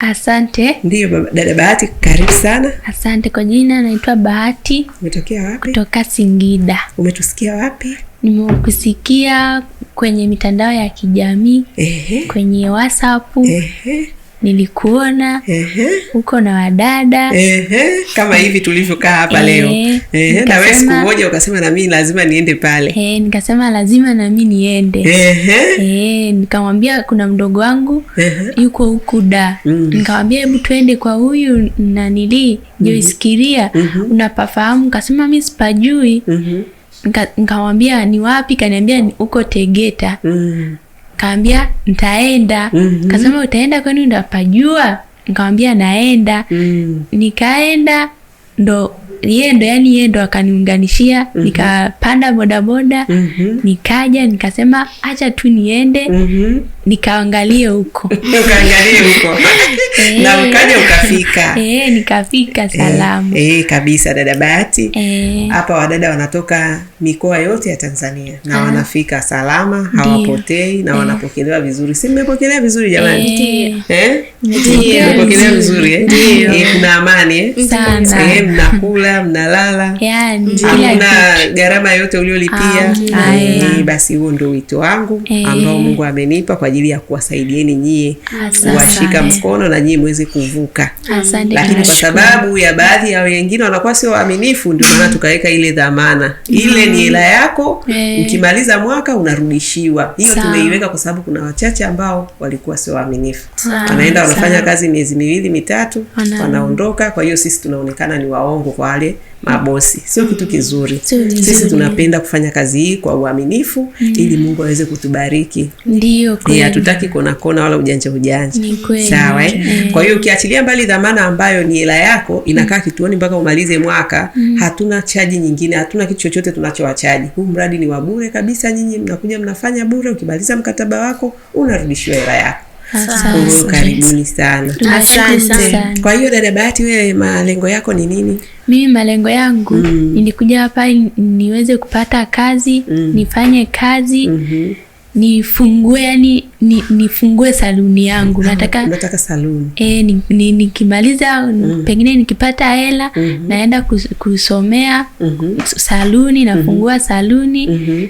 Asante. Ndiyo, dada Bahati, karibu sana. Asante kwa jina, naitwa Bahati. Umetokea wapi? Kutoka Singida. Umetusikia wapi? Nimekusikia kwenye mitandao ya kijamii, Ehe. kwenye WhatsApp, Ehe nilikuona huko na wadada Ehe. kama hivi tulivyokaa hapa leo na wewe siku moja ukasema nami lazima niende pale Ehe. nikasema lazima nami niende Ehe. nikamwambia kuna mdogo wangu Ehe. yuko huku da mm. nikamwambia hebu twende kwa huyu nanilii joisikiria mm-hmm. mm -hmm. unapafahamu kasema mi sipajui mm -hmm. nikamwambia ni wapi kaniambia huko Tegeta mm. Kaambia ntaenda. mm -hmm. Kasema utaenda, kwani ndapajua? nkawambia naenda. mm. Nikaenda ndo ye ndo yani ye ndo akaniunganishia. mm -hmm. Nikapanda bodaboda. mm -hmm. Nikaja nikasema hacha tu niende. mm -hmm nikaangalie huko ukaangalie huko eh. na ukaja ukafika. E, nikafika eh, salama e, e, kabisa. Dada Bahati hapa e. Wadada wanatoka mikoa yote ya Tanzania na ah. wanafika salama, hawapotei na e. wanapokelewa vizuri, si mmepokelewa vizuri jamani e. e? mmepokelewa vizuri eh? e, kuna amani eh? e, mnakula mnalala, yani, hamna gharama yote uliolipia. Basi huo ndio wito wangu e. ambao Mungu amenipa kwa ajili ya kuwasaidieni nyie, kuwashika mkono na nyie mweze kuvuka. Lakini kwa sababu ya baadhi ya wengine wanakuwa sio waaminifu, ndio maana tukaweka ile dhamana ile, ni hela yako, eh. ukimaliza mwaka unarudishiwa. Hiyo tumeiweka kwa sababu kuna wachache ambao walikuwa sio waaminifu wanaenda wanafanya kazi miezi miwili mitatu, wanaondoka. Kwa hiyo sisi tunaonekana ni waongo kwa wale mabosi, sio kitu mm. kizuri. Sisi tunapenda kufanya kazi hii kwa uaminifu mm. ili Mungu aweze kutubariki. Ndio hatutaki kona kona wala ujanja ujanja, sawa eh? eh? Kwa hiyo ukiachilia mbali dhamana ambayo ni hela yako inakaa mm. kituoni mpaka umalize mwaka mm. hatuna chaji nyingine, hatuna kitu chochote tunachowachaji. Huu mradi ni wa bure kabisa, nyinyi mnakuja mnafanya bure, ukimaliza mkataba wako unarudishiwa hela yako. Asante. Karibuni sana. Asante. Kwa hiyo dada Bahati, wewe malengo yako ni nini? Mimi malengo yangu mm. nilikuja hapa niweze kupata kazi mm. nifanye kazi mm -hmm. nifungue yani ni, nifungue saluni yangu. Mm-hmm. Nataka nataka saluni eh, nikimaliza ni, ni mm. pengine nikipata hela mm -hmm. naenda kus, kusomea mm -hmm. saluni nafungua mm -hmm. saluni mm -hmm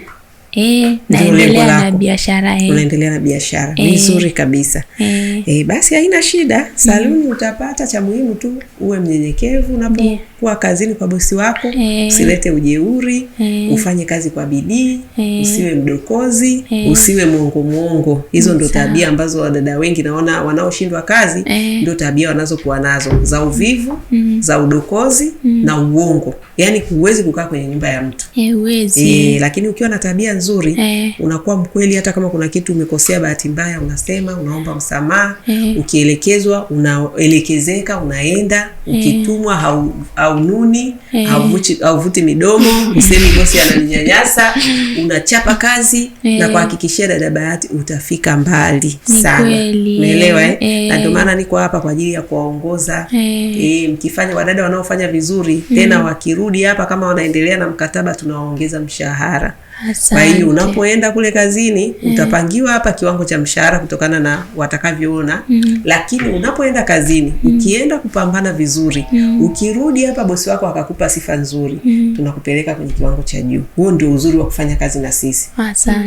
E, naendelea na biashara e. Unaendelea na biashara eh. vizuri e. kabisa e. E, basi haina shida saluni mm. Utapata cha muhimu tu uwe mnyenyekevu unapokuwa yeah. kazini kwa bosi wako e. Usilete ujeuri e. Ufanye kazi kwa bidii e. Usiwe mdokozi e. Usiwe mwongo mwongo, hizo ndo tabia ambazo wadada wengi naona wanaoshindwa kazi e. ndo tabia wanazokuwa nazo za uvivu mm. za udokozi mm. na uongo, yaani huwezi kukaa kwenye nyumba ya mtu e, e, lakini ukiwa na tabia nzuri vizuri eh, unakuwa mkweli. Hata kama kuna kitu umekosea bahati mbaya, unasema unaomba msamaha eh, ukielekezwa unaelekezeka, unaenda eh. ukitumwa, hau, haununi eh, hauvuti, hauvuti midomo usemi bosi ananinyanyasa, unachapa kazi eh, na kuhakikishia dada Bahati utafika mbali sana, umeelewa eh? Eh, na ndio maana niko hapa kwa ajili ya kuwaongoza eh, eh, mkifanya wadada wanaofanya vizuri mm, tena wakirudi hapa kama wanaendelea na mkataba tunawaongeza mshahara. Kwa hiyo unapoenda kule kazini yeah. Utapangiwa hapa kiwango cha mshahara kutokana na watakavyoona mm. Lakini unapoenda kazini mm. Ukienda kupambana vizuri mm. Ukirudi hapa bosi wako akakupa sifa nzuri mm. Tunakupeleka kwenye kiwango cha juu. Huo ndio uzuri wa kufanya kazi na sisi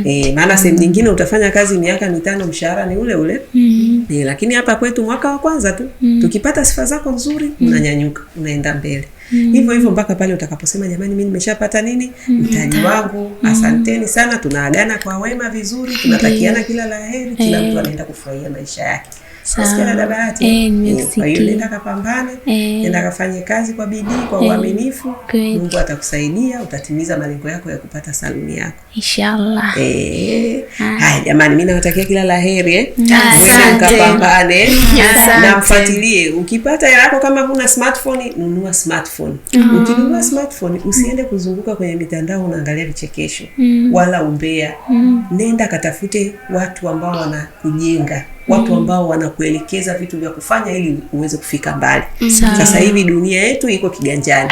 e, maana sehemu mm. nyingine utafanya kazi miaka mitano mshahara ni ule ule mm. E, lakini hapa kwetu mwaka wa kwanza tu mm. Tukipata sifa zako nzuri mm. Unanyanyuka unaenda mbele mm. hivyo mm. Hivyo mpaka pale utakaposema jamani, mimi nimeshapata nini mm. mtaji mm. wangu mm asanteni sana, tunaagana kwa wema vizuri, tunatakiana kila la heri, kila mtu eh. anaenda kufurahia maisha yake dada Bahati, eh, yaani kwa hiyo nenda kapambane, eh. nenda kafanye kazi kwa bidii, kwa eh, uaminifu. Mungu atakusaidia, utatimiza malengo yako ya kupata saluni yako inshallah. Eh, ah. haya jamani, mimi nawatakia kila la heri eh. Ah, kapambane na mfuatilie. Ukipata hela yako, kama huna smartphone, nunua smartphone. Mm. Ukinunua smartphone, usiende kuzunguka kwenye mitandao unaangalia vichekesho mm. wala umbea. Mm. Nenda katafute watu ambao wanakujenga watu mm-hmm. ambao wanakuelekeza vitu vya kufanya ili uweze kufika mbali. Mm-hmm. Sasa hivi dunia yetu iko kiganjani,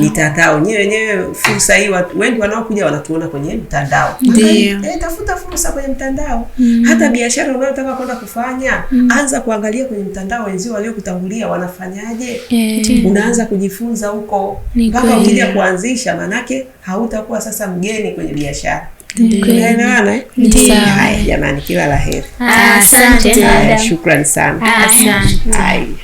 mitandao nyewe wenyewe. Fursa hii wengi wanaokuja wanatuona kwenye mtandao, eh, tafuta fursa kwenye mtandao. mm. hata biashara unayotaka kwenda kufanya mm. anza kuangalia kwenye mtandao, wenzio waliokutangulia wanafanyaje? yeah. unaanza kujifunza huko mpaka ukija kuanzisha, manake hautakuwa sasa mgeni kwenye biashara. Tumeelewana? Ndiyo. Haya jamani, kila la heri. Asante. Shukrani sana. Asante.